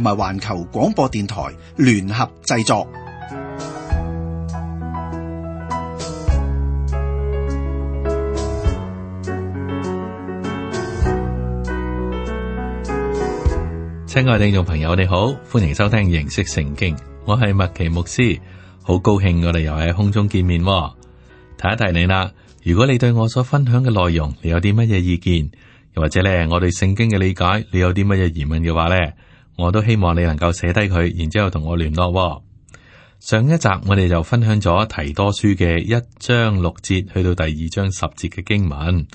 同埋環球廣播電台聯合製作。親愛聽眾朋友，你好，歡迎收聽《認識聖經》，我係麥奇牧師，好高興我哋又喺空中見面。提一提你啦。如果你對我所分享嘅內容，你有啲乜嘢意見，又或者咧，我對聖經嘅理解，你有啲乜嘢疑問嘅話咧？我都希望你能夠寫低佢，然之後同我聯絡、哦。上一集我哋就分享咗提多書嘅一章六節去到第二章十節嘅經文，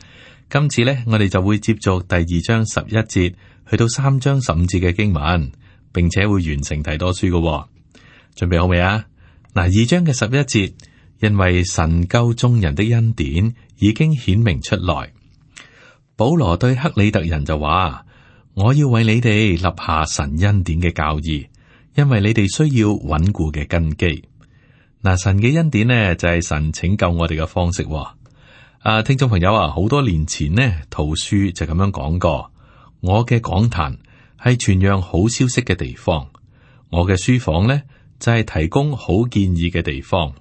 今次呢，我哋就會接續第二章十一節去到三章十五節嘅經文，並且會完成提多書嘅、哦。準備好未啊？嗱，二章嘅十一節，因為神救眾人的恩典已經顯明出來，保羅對克里特人就話。我要為你哋立下神恩典嘅教義，因為你哋需要穩固嘅根基。嗱、呃，神嘅恩典呢就係、是、神拯救我哋嘅方式、哦。啊，聽眾朋友啊，好多年前呢圖書就咁樣講過。我嘅講壇係傳揚好消息嘅地方，我嘅書房呢就係、是、提供好建議嘅地方。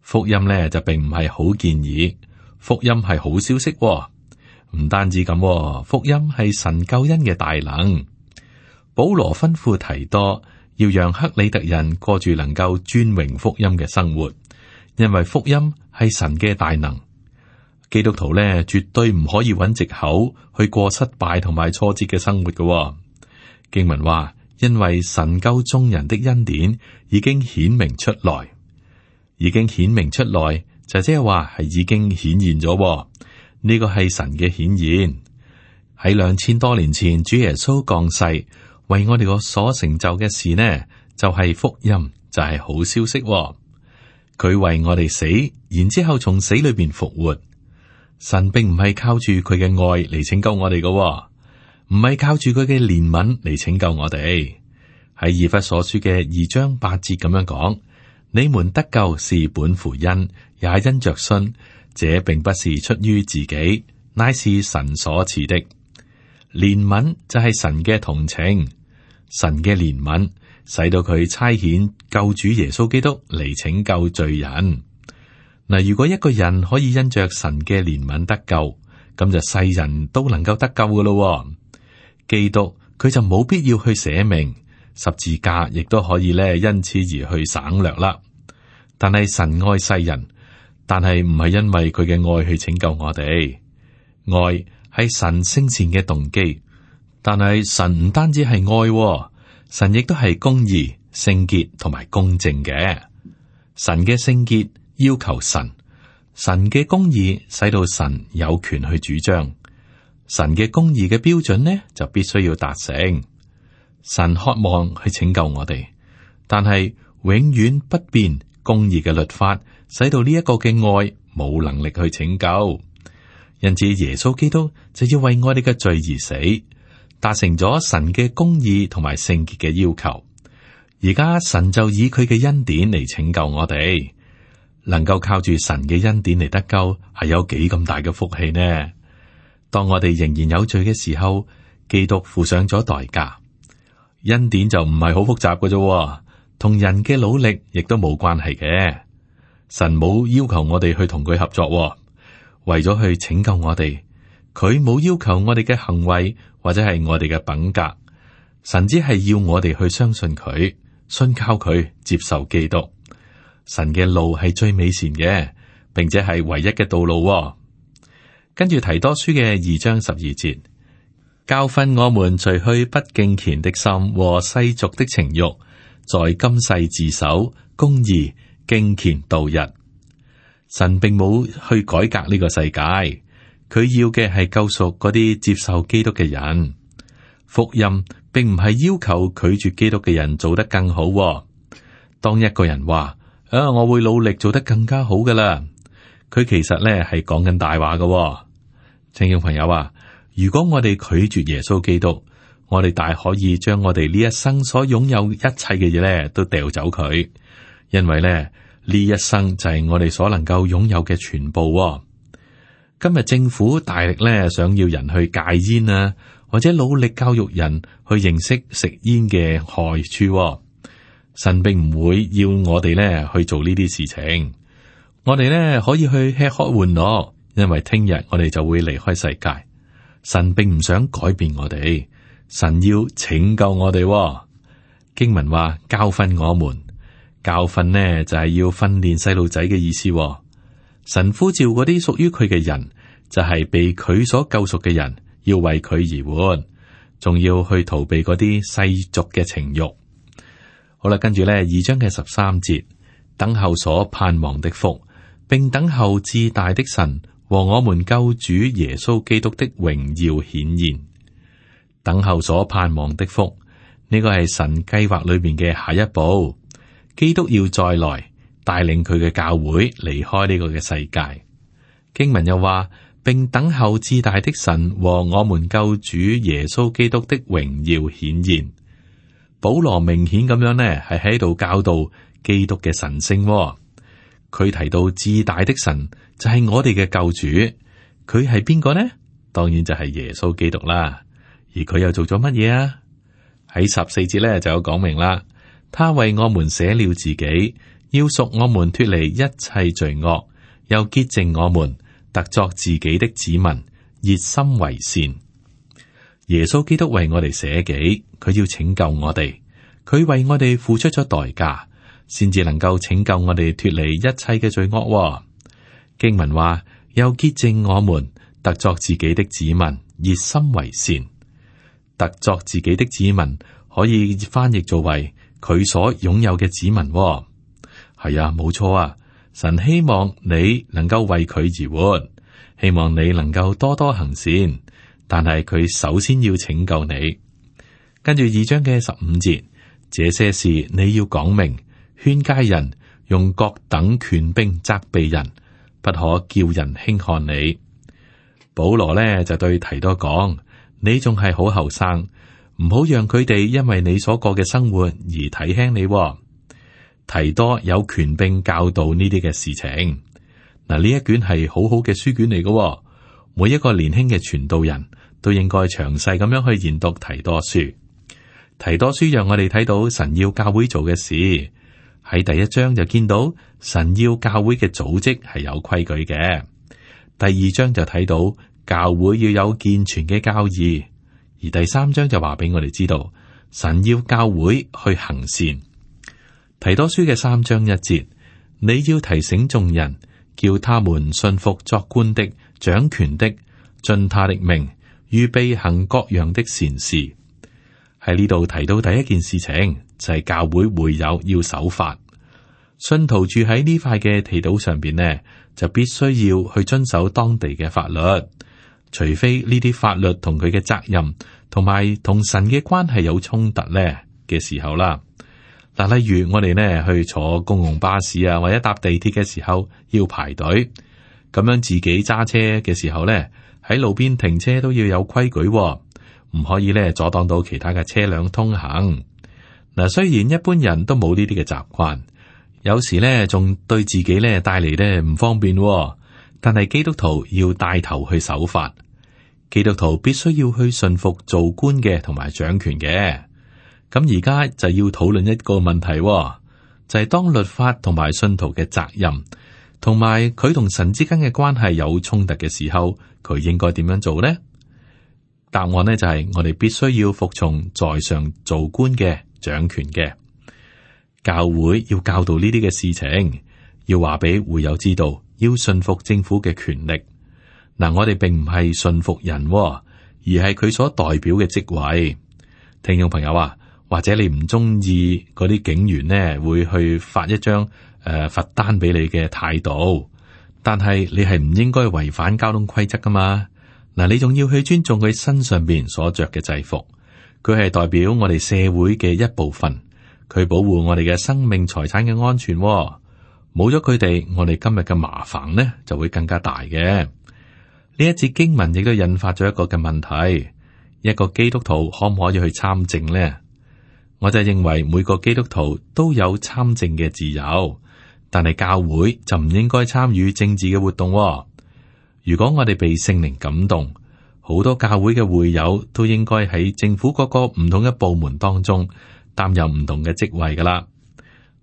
福音呢就並唔係好建議，福音係好消息、哦。唔單止咁，福音係神救恩嘅大能。保羅吩咐提多，要讓克里特人過住能夠尊榮福音嘅生活，因為福音係神嘅大能。基督徒呢，絕對唔可以揾藉口去過失敗同埋挫折嘅生活嘅。經文話，因為神救眾人的恩典已經顯明出來，已經顯明出來，就即係話係已經顯現咗。呢個係神嘅顯現，喺兩千多年前主耶穌降世，為我哋個所成就嘅事呢，就係、是、福音，就係、是、好消息、哦。佢為我哋死，然之後從死裏邊復活。神並唔係靠住佢嘅愛嚟拯救我哋嘅、哦，唔係靠住佢嘅憐憫嚟拯救我哋。喺《以弗所書》嘅二章八節咁樣講：你們得救是本乎恩，也因着信。這並不是出於自己，乃是神所賜的憐憫，就係神嘅同情，神嘅憐憫使到佢差遣救主耶穌基督嚟拯救罪人。嗱，如果一個人可以因着神嘅憐憫得救，咁就世人都能夠得救㗎咯。基督佢就冇必要去捨命，十字架亦都可以咧，因此而去省略啦。但係神愛世人。但係唔係因為佢嘅愛去拯救我哋，愛係神生前嘅動機。但係神唔單止係愛喎，神亦都係公義、聖潔同埋公正嘅。神嘅聖潔要求神，神嘅公義使到神有權去主張。神嘅公義嘅標準呢，就必須要達成。神渴望去拯救我哋，但係永遠不變公義嘅律法，使到呢一個嘅愛冇能力去拯救，因此耶穌基督就要為我哋嘅罪而死，達成咗神嘅公義同埋聖潔嘅要求。而家神就以佢嘅恩典嚟拯救我哋，能夠靠住神嘅恩典嚟得救，係有幾咁大嘅福氣呢？當我哋仍然有罪嘅時候，基督付上咗代價，恩典就唔係好複雜嘅，啫，同人嘅努力亦都冇關係嘅。神冇要求我哋去同佢合作、哦，為咗去拯救我哋，佢冇要求我哋嘅行為或者係我哋嘅品格。神只係要我哋去相信佢，信靠佢，接受基督。神嘅路係最美善嘅，並且係唯一嘅道路、哦。跟住提多書嘅二章十二節，教訓我們除去不敬虔的心和世俗的情欲，在今世自守公義。敬虔度日，神並冇去改革呢個世界，佢要嘅係救贖嗰啲接受基督嘅人。福音並唔係要求拒絕基督嘅人做得更好、哦。當一個人話，誒、啊、我會努力做得更加好嘅啦，佢其實咧係講緊大話嘅，聽眾、哦、朋友啊，如果我哋拒絕耶穌基督，我哋大可以將我哋呢一生所擁有一切嘅嘢咧，都掉走佢。因為咧呢一生就係我哋所能夠擁有嘅全部喎。今日政府大力咧想要人去戒煙啊，或者努力教育人去認識食煙嘅害處喎。神並唔會要我哋咧去做呢啲事情。我哋咧可以去吃喝玩樂，因為聽日我哋就會離開世界。神並唔想改變我哋，神要拯救我哋喎。經文話教訓我們。教訓呢，就係要訓練細路仔嘅意思哦。神呼召嗰啲屬於佢嘅人，就係被佢所救贖嘅人，要為佢而活，仲要去逃避嗰啲世俗嘅情欲。好啦，跟住呢，二章嘅十三節，等候所盼望的福，並等候至大的神和我們救主耶穌基督的榮耀顯現。等候所盼望的福，呢個係神計劃裏面嘅下一步。基督要再來帶領佢嘅教會離開呢個嘅世界。經文又話，並等候至大的神和我們救主耶穌基督的榮耀顯現。保羅明顯咁樣呢係喺度教導基督嘅神聖。佢提到至大的神就係我哋嘅救主，佢係邊個呢？當然就係耶穌基督啦。而佢又做咗乜嘢啊？喺十四節咧就有講明啦。他為我們捨了自己，要贖我們脫離一切罪惡，又潔淨我們，特作自己的子民，熱心為善。耶穌基督為我哋捨己，佢要拯救我哋，佢為我哋付出咗代價，先至能夠拯救我哋脫離一切嘅罪惡喎。經文話又潔淨我們，特作自己的子民，熱心為善，特作自己的子民，可以翻譯做為。佢所擁有嘅子民，係啊，冇錯啊。神希望你能夠為佢而活，希望你能夠多多行善。但係佢首先要拯救你。跟住二章嘅十五節，這些事你要講明，勸戒人用各等權柄責備人，不可叫人輕看你。保羅呢，就對提多講：你仲係好後生。唔好讓佢哋因為你所過嘅生活而睇輕你，哦。提多有權並教導呢啲嘅事情。嗱，呢一卷係好好嘅書卷嚟嘅，哦，每一個年輕嘅傳道人都應該詳細咁樣去研讀提多書。提多書讓我哋睇到神要教會做嘅事。喺第一章就見到神要教會嘅組織係有規矩嘅。第二章就睇到教會要有健全嘅教義。而第三章就話俾我哋知道，神要教會去行善。提多書嘅三章一節，你要提醒眾人，叫他們信服作官的、掌權的，遵他力命，預備行各樣的善事。喺呢度提到第一件事情就係、是、教會會友要守法，信徒住喺呢塊嘅地島上邊呢，就必須要去遵守當地嘅法律。除非呢啲法律同佢嘅責任同埋同神嘅關係有衝突咧嘅時候啦，嗱，例如我哋咧去坐公共巴士啊，或者搭地鐵嘅時候要排隊，咁樣自己揸車嘅時候咧喺路邊停車都要有規矩，唔可以咧阻擋到其他嘅車輛通行。嗱，雖然一般人都冇呢啲嘅習慣，有時咧仲對自己咧帶嚟咧唔方便。但係基督徒要帶頭去守法，基督徒必須要去信服做官嘅，同埋掌權嘅。咁而家就要討論一個問題，就係當律法同埋信徒嘅責任同埋佢同神之間嘅關係有衝突嘅時候，佢應該點樣做呢？答案呢就係我哋必須要服從在上做官嘅、掌權嘅。教會要教導呢啲嘅事情，要話俾會友知道。要順服政府嘅權力，嗱、啊、我哋並唔係順服人、哦，而係佢所代表嘅職位。聽眾朋友啊，或者你唔中意嗰啲警員咧，會去發一張誒罰單俾你嘅態度，但係你係唔應該違反交通規則噶嘛？嗱、啊，你仲要去尊重佢身上邊所着嘅制服，佢係代表我哋社會嘅一部分，佢保護我哋嘅生命財產嘅安全、哦。冇咗佢哋，我哋今日嘅麻煩呢就會更加大嘅。呢一節經文亦都引發咗一個嘅問題：一個基督徒可唔可以去參政呢？我就認為每個基督徒都有參政嘅自由，但係教會就唔應該參與政治嘅活動哦。如果我哋被聖靈感動，好多教會嘅會友都應該喺政府各個唔同嘅部門當中擔任唔同嘅職位噶啦。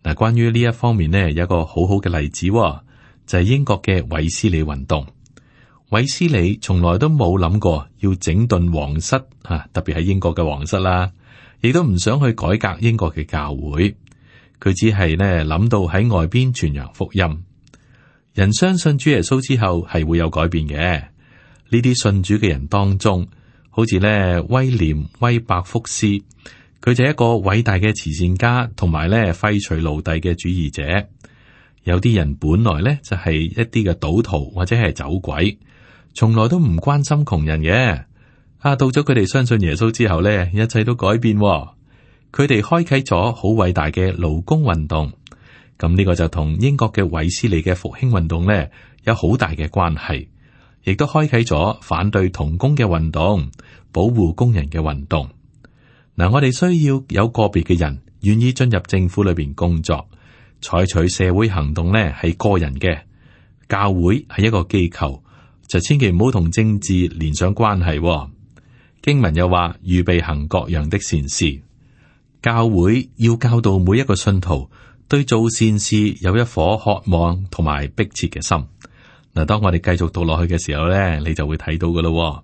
嗱，關於呢一方面呢，有一個好好嘅例子喎，就係、是、英國嘅韋斯理運動。韋斯理從來都冇諗過要整頓皇室啊，特別係英國嘅皇室啦，亦都唔想去改革英國嘅教會。佢只係呢諗到喺外邊傳揚福音。人相信主耶穌之後係會有改變嘅。呢啲信主嘅人當中，好似咧威廉威伯福斯。佢就係一個偉大嘅慈善家，同埋咧廢除奴隸嘅主義者。有啲人本來咧就係一啲嘅賭徒或者係走鬼，從來都唔關心窮人嘅。啊，到咗佢哋相信耶穌之後咧，一切都改變。佢哋開啟咗好偉大嘅勞工運動。咁呢個就同英國嘅韋斯利嘅復興運動咧有好大嘅關係，亦都開啟咗反對童工嘅運動、保護工人嘅運動。嗱，我哋需要有個別嘅人願意進入政府裏邊工作，採取社會行動咧係個人嘅，教會係一個機構，就千祈唔好同政治連上關係。經文又話預備行各樣的善事，教會要教導每一個信徒對做善事有一顆渴望同埋迫切嘅心。嗱，當我哋繼續讀落去嘅時候咧，你就會睇到嘅咯。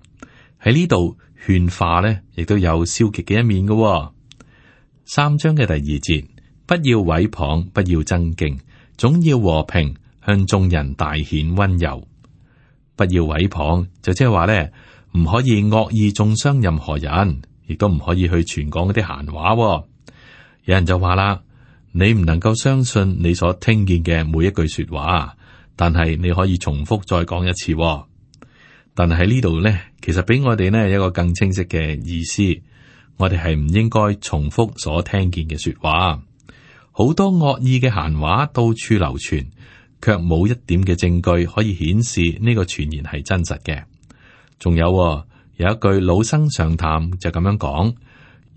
喺呢度。勸化呢，亦都有消極嘅一面嘅、哦。三章嘅第二節，不要毀謗，不要爭競，總要和平，向眾人大顯溫柔。不要毀謗，就即係話呢，唔可以惡意中傷任何人，亦都唔可以去傳講嗰啲閒話、哦。有人就話啦，你唔能夠相信你所聽見嘅每一句說話，但係你可以重複再講一次、哦。但係喺呢度咧，其實俾我哋呢一個更清晰嘅意思，我哋係唔應該重複所聽見嘅說話。好多惡意嘅閒話到處流傳，卻冇一點嘅證據可以顯示呢個傳言係真實嘅。仲有喎，有一句老生常談就咁樣講：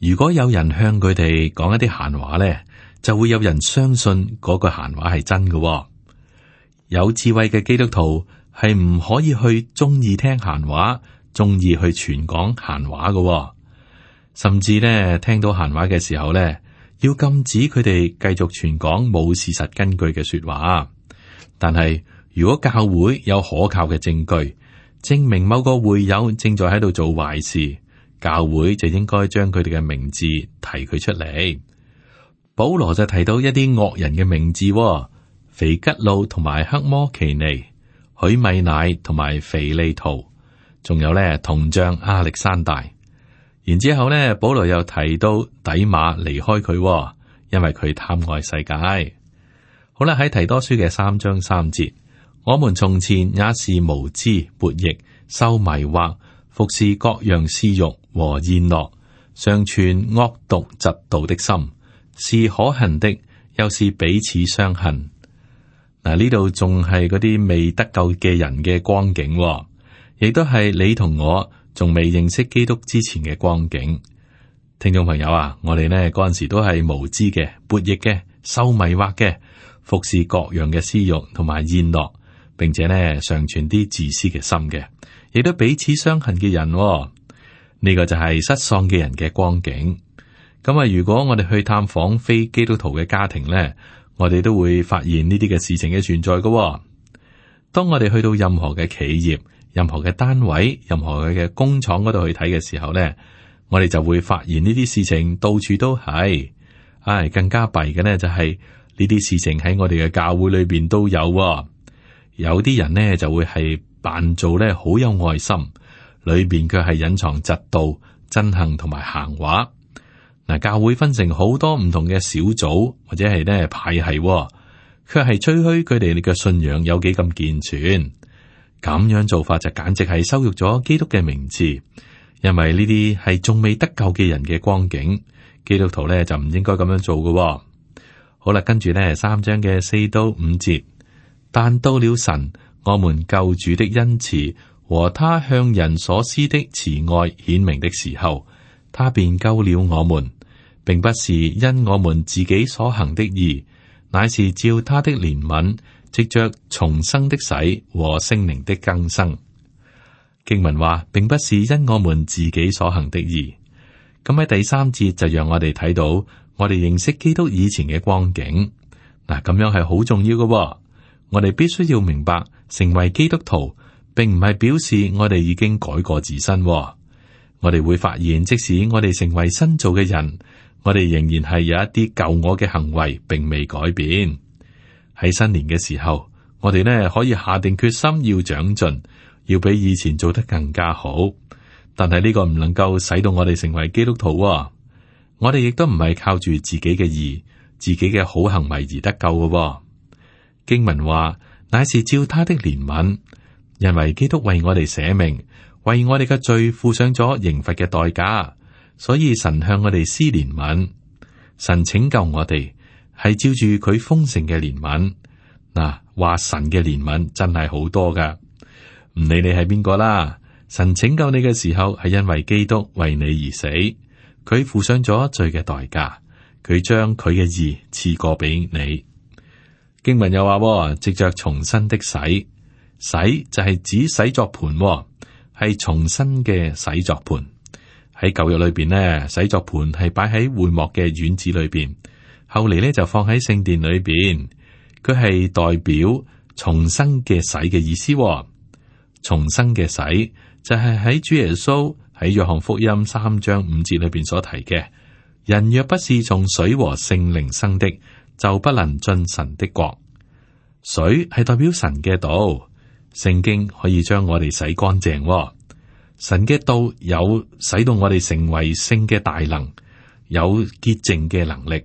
如果有人向佢哋講一啲閒話咧，就會有人相信嗰句閒話係真嘅哦。有智慧嘅基督徒。係唔可以去中意聽閒話，中意去傳講閒話㗎喎，甚至呢，聽到閒話嘅時候呢，要禁止佢哋繼續傳講冇事實根據嘅說話。但係如果教會有可靠嘅證據，證明某個會友正在喺度做壞事，教會就應該將佢哋嘅名字提佢出嚟。保羅就提到一啲惡人嘅名字喎，肥吉路同埋黑摩奇尼。許米乃同埋腓利圖，仲有呢，銅匠亞力山大。然之後咧，保羅又提到底馬離開佢，因為佢貪愛世界。好啦，喺提多書嘅三章三節，我們從前也是無知、悖逆、受迷惑，服侍各樣私欲和宴樂，尚存惡毒嫉妒的心，是可恨的，又是彼此相恨。嗱，呢度仲係嗰啲未得救嘅人嘅光景，哦，亦都係你同我仲未認識基督之前嘅光景。聽眾朋友啊，我哋呢嗰陣時都係無知嘅、悖逆嘅、受迷惑嘅、服侍各樣嘅私欲同埋宴樂，並且呢常存啲自私嘅心嘅，亦都彼此相恨嘅人，哦。呢個就係失喪嘅人嘅光景。咁啊，如果我哋去探訪非基督徒嘅家庭呢？我哋都會發現呢啲嘅事情嘅存在噶、哦。當我哋去到任何嘅企業、任何嘅單位、任何嘅工廠嗰度去睇嘅時候咧，我哋就會發現呢啲事情到處都係。唉、哎，更加弊嘅咧就係呢啲事情喺我哋嘅教會裏邊都有、哦。有啲人咧就會係扮做咧好有愛心，裏邊佢係隱藏嫉妒、憎恨同埋行話。嗱，教會分成好多唔同嘅小組或者係咧派系，哦，佢係吹噓佢哋嘅信仰有幾咁健全，咁樣做法就簡直係羞辱咗基督嘅名字。因為呢啲係仲未得救嘅人嘅光景，基督徒咧就唔應該咁樣做嘅，哦。好啦，跟住咧三章嘅四到五節，但到了神我們救主的恩慈和他向人所施的慈愛顯明的時候，他便救了我們。並不是因我們自己所行的義，乃是照他的憐憫，藉着重生的洗和聖靈的更生。經文話，並不是因我們自己所行的義。咁喺第三節就讓我哋睇到，我哋認識基督以前嘅光景嗱，咁樣係好重要嘅、哦，我哋必須要明白，成為基督徒並唔係表示我哋已經改過自身、哦。我哋會發現，即使我哋成為新造嘅人。我哋仍然係有一啲舊我嘅行為，並未改變。喺新年嘅時候，我哋呢可以下定決心要長進，要比以前做得更加好。但係呢個唔能夠使到我哋成為基督徒、哦。我哋亦都唔係靠住自己嘅義、自己嘅好行為而得救嘅、哦。經文話，乃是照他的憐憫，因為基督為我哋捨命，為我哋嘅罪付上咗刑罰嘅代價。所以神向我哋施憐憫，神拯救我哋係照住佢豐盛嘅憐憫。嗱，話神嘅憐憫真係好多噶，唔理你係邊個啦。神拯救你嘅時候係因為基督為你而死，佢付上咗罪嘅代價，佢將佢嘅義賜過俾你。經文又話，藉着重生的洗，洗就係指洗作盆，係重生嘅洗作盆。喺舊約裏邊咧，洗濯盆係擺喺會幕嘅院子裏邊，後嚟咧就放喺聖殿裏邊。佢係代表重生嘅洗嘅意思、哦。重生嘅洗就係喺主耶穌喺約翰福音三章五節裏邊所提嘅：人若不是從水和聖靈生的，就不能進神的國。水係代表神嘅道，聖經可以將我哋洗乾淨、哦。神嘅道有使到我哋成為聖嘅大能，有潔淨嘅能力。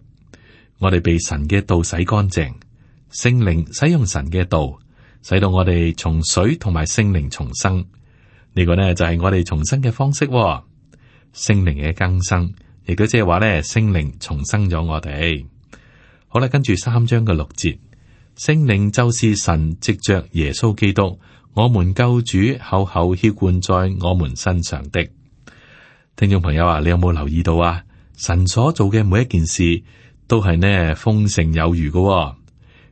我哋被神嘅道洗乾淨，聖靈使用神嘅道，使到我哋從水同埋聖靈重生。呢個呢就係我哋重生嘅方式。聖靈嘅更生，亦都即係話呢，聖靈重生咗我哋。好啦，跟住三章嘅六節，聖靈就是神藉着耶穌基督。我們救主厚厚澆灌，灌在我們身上的，聽眾朋友啊，你有冇留意到啊？神所做嘅每一件事，都係呢豐盛有餘嘅，哦，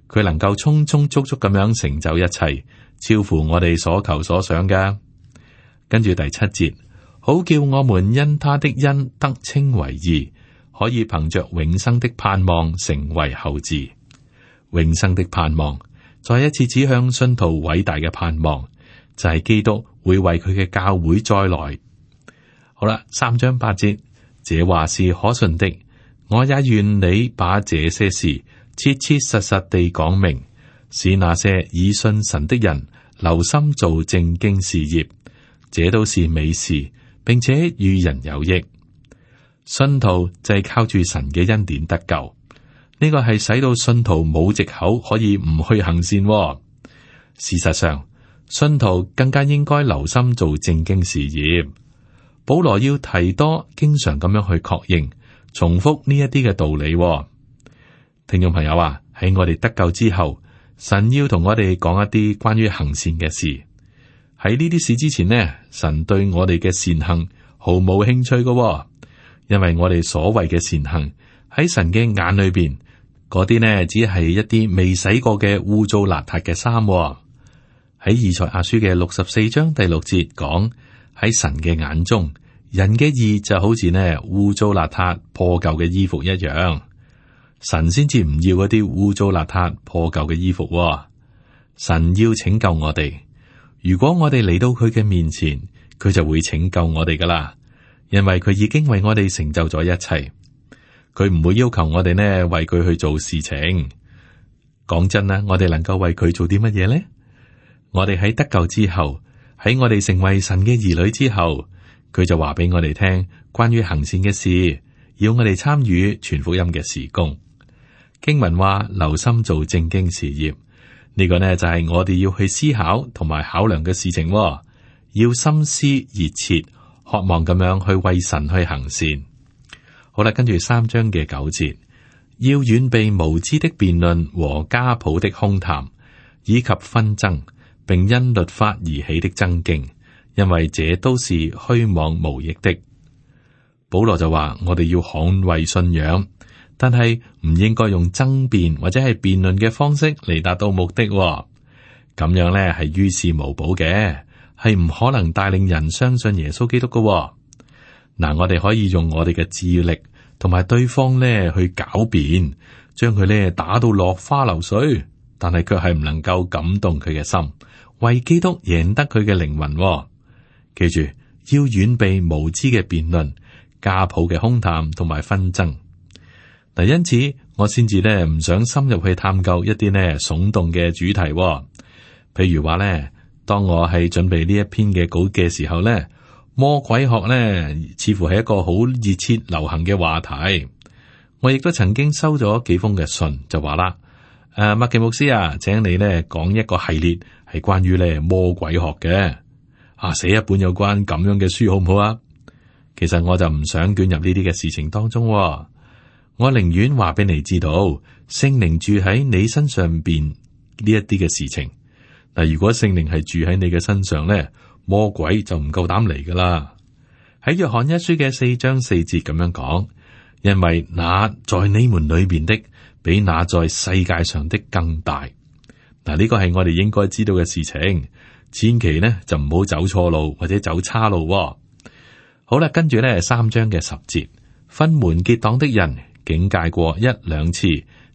佢能夠充充足足咁樣成就一切，超乎我哋所求所想嘅。跟住第七節，好叫我們因他的恩得稱為義，可以憑着永生的盼望成為後嗣。永生的盼望。再一次指向信徒偉大嘅盼望，就係基督會為佢嘅教會再來。好啦，三章八節，這話是可信的。我也願你把這些事切切實實地講明，使那些以信神的人留心做正經事業，這都是美事，並且與人有益。信徒就係靠住神嘅恩典得救。呢個係使到信徒冇藉口可以唔去行善喎。事實上，信徒更加應該留心做正經事業。保羅要提多，經常咁樣去確認、重複呢一啲嘅道理喎。聽眾朋友啊，喺我哋得救之後，神要同我哋講一啲關於行善嘅事。喺呢啲事之前呢，神對我哋嘅善行毫無興趣噶喎，因為我哋所謂嘅善行喺神嘅眼裏邊，嗰啲呢，只係一啲未洗過嘅污糟邋遢嘅衫喎。喺以賽亞書嘅六十四章第六節講，喺神嘅眼中，人嘅義就好似呢污糟邋遢破舊嘅衣服一樣。神先至唔要嗰啲污糟邋遢破舊嘅衣服喎。神要拯救我哋，如果我哋嚟到佢嘅面前，佢就會拯救我哋㗎喇。因為佢已經為我哋成就咗一切。佢唔會要求我哋呢為佢去做事情。講真啦，我哋能夠為佢做啲乜嘢呢？我哋喺得救之後，喺我哋成為神嘅兒女之後，佢就話俾我哋聽關於行善嘅事，要我哋參與傳福音嘅事工。經文話：留心做正經事業，呢個呢就係我哋要去思考同埋考量嘅事情，哦。要心思熱切，渴望咁樣去為神去行善。好啦，跟住三章嘅九節，要遠避無知的辯論和家譜的空談，以及紛爭，並因律法而起的爭競，因為這都是虛妄無益的。保羅就話：我哋要捍衛信仰，但係唔應該用爭辯或者係辯論嘅方式嚟達到目的。咁樣呢係於事無補嘅，係唔可能帶領人相信耶穌基督嘅。嗱，我哋可以用我哋嘅智力。同埋對方咧去狡辯，將佢咧打到落花流水，但係卻係唔能夠感動佢嘅心，為基督贏得佢嘅靈魂。記住要遠避無知嘅辯論、家譜嘅空談同埋紛爭。嗱，因此我先至咧唔想深入去探究一啲呢聳動嘅主題。譬如話咧，當我係準備呢一篇嘅稿嘅時候咧。魔鬼學呢，似乎係一個好熱切流行嘅話題。我亦都曾經收咗幾封嘅信，就話啦：，誒、啊，麥奇牧師啊，請你呢講一個系列係關於咧魔鬼學嘅，啊，寫一本有關咁樣嘅書好唔好啊？其實我就唔想捲入呢啲嘅事情當中，我寧願話俾你知道，聖靈住喺你身上邊呢一啲嘅事情。嗱，如果聖靈係住喺你嘅身上咧，魔鬼就唔夠膽嚟噶啦！喺約翰一書嘅四章四節咁樣講，因為那在你們裏面的，比那在世界上的更大。嗱，呢個係我哋應該知道嘅事情，千祈呢，就唔好走錯路或者走岔路，好啦，跟住咧三章嘅十節，分門結黨的人，警戒過一兩次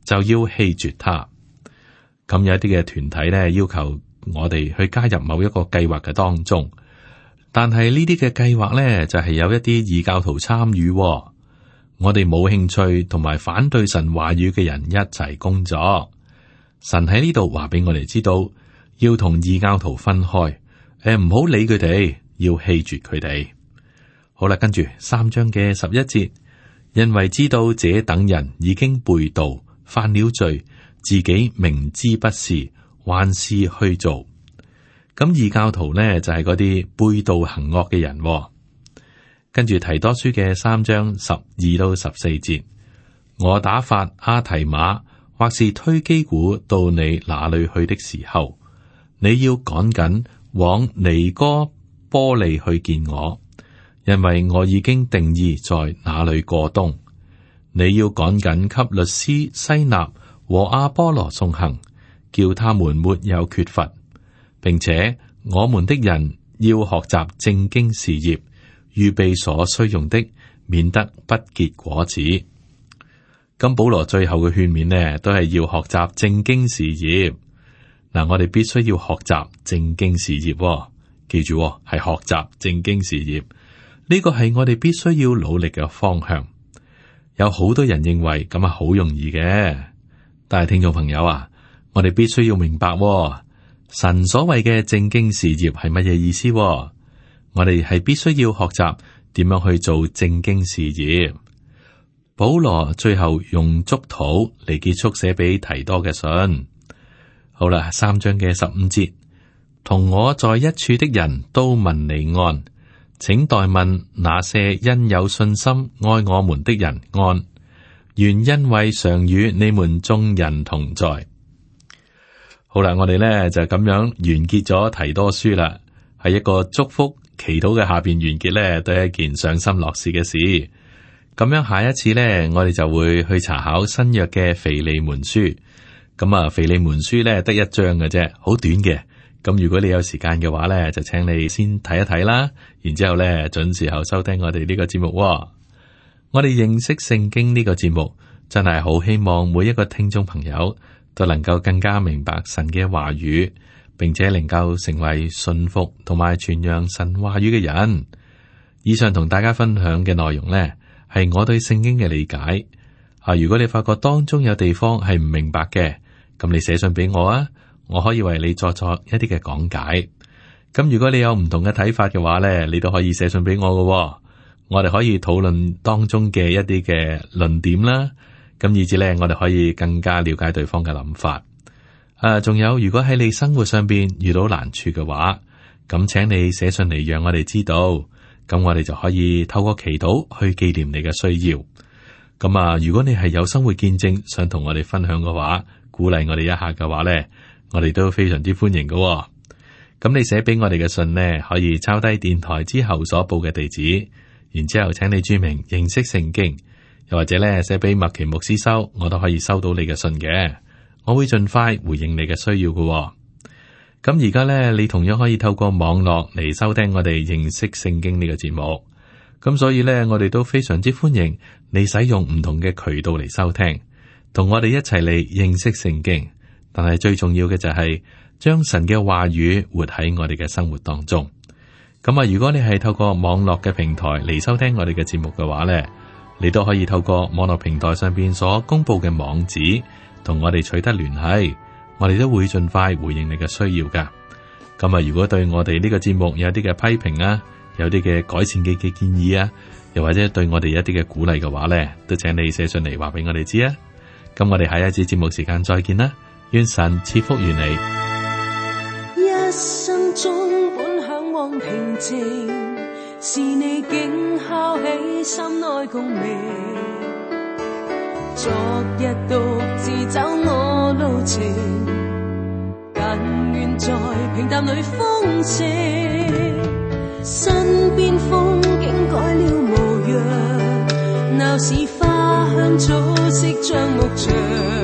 就要棄絕他。咁有一啲嘅團體咧要求，我哋去加入某一個計劃嘅當中，但係呢啲嘅計劃呢，就係、是、有一啲異教徒參與、哦。我哋冇興趣同埋反對神話語嘅人一齊工作。神喺呢度話俾我哋知道，要同異教徒分開。誒、呃，唔好理佢哋，要棄絕佢哋。好啦，跟住三章嘅十一節，因為知道這等人已經背道，犯了罪，自己明知不是。還是去做，咁異教徒呢，就係嗰啲背道行惡嘅人、哦。跟住提多書嘅三章十二到十四節，我打發阿提馬或是推機鼓到你那裡去的時候，你要趕緊往尼哥波利去見我，因為我已經定義在那裡過冬。你要趕緊給律師西納和阿波羅送行。叫他們沒有缺乏，並且我們的人要學習正經事業，預備所需用的，免得不結果子。咁保羅最後嘅勸勉呢都係要學習正經事業。嗱，我哋必須要學習正經事業、哦，記住係、哦、學習正經事業呢、呢個係我哋必須要努力嘅方向。有好多人認為咁啊，好容易嘅，但係聽眾朋友啊。我哋必須要明白、哦、神所謂嘅正經事業係乜嘢意思、哦。我哋係必須要學習點樣去做正經事業。保羅最後用祝禱嚟結束寫俾提多嘅信。好啦，三章嘅十五節，同我在一處的人都問你安，請代問那些因有信心愛我們的人安。願恩惠常與你們眾人同在。好啦，我哋呢就咁樣完結咗提多書啦，係一個祝福祈禱嘅下邊完結呢都係一件上心樂事嘅事。咁樣下一次呢，我哋就會去查考新約嘅腓利門書。咁啊，腓利門書呢得一章嘅啫，好短嘅。咁如果你有時間嘅話呢，就請你先睇一睇啦。然之後呢，準時候收聽我哋呢個節目喎。我哋認識聖經呢個節目真係好希望每一個聽眾朋友都能夠更加明白神嘅話語，並且能夠成為信服同埋傳揚神話語嘅人。以上同大家分享嘅內容呢，係我對聖經嘅理解。啊，如果你發覺當中有地方係唔明白嘅，咁你寫信俾我啊，我可以為你作作一啲嘅講解。咁如果你有唔同嘅睇法嘅話呢，你都可以寫信俾我嘅，我哋可以討論當中嘅一啲嘅論點啦。咁以至咧，我哋可以更加了解對方嘅諗法。誒、啊，仲有，如果喺你生活上邊遇到難處嘅話，咁請你寫信嚟讓我哋知道，咁我哋就可以透過祈禱去紀念你嘅需要。咁啊，如果你係有生活見證想同我哋分享嘅話，鼓勵我哋一下嘅話咧，我哋都非常之歡迎嘅、哦。咁你寫俾我哋嘅信呢，可以抄低電台之後所報嘅地址，然之後請你注明認識聖經。又或者咧，寫俾麥奇牧師收，我都可以收到你嘅信嘅。我會盡快回應你嘅需要嘅喎。咁而家呢，你同樣可以透過網絡嚟收聽我哋認識聖經呢個節目。咁所以呢，我哋都非常之歡迎你使用唔同嘅渠道嚟收聽，同我哋一齊嚟認識聖經。但係最重要嘅就係將神嘅話語活喺我哋嘅生活當中。咁啊，如果你係透過網絡嘅平台嚟收聽我哋嘅節目嘅話呢。你都可以透過網絡平台上邊所公布嘅網址，同我哋取得聯繫，我哋都會盡快回應你嘅需要噶。咁啊，如果對我哋呢個節目有啲嘅批評啊，有啲嘅改善嘅嘅建議啊，又或者對我哋有一啲嘅鼓勵嘅話咧，都請你寫信嚟，話俾我哋知啊。咁我哋下一節節目時間再見啦，願神賜福於你。一生中本向往平靜。是你竟敲起心內共鳴，昨日獨自走我路程，但願在平淡裏豐盛，身邊風景改了模樣，鬧市花香草色像牧場。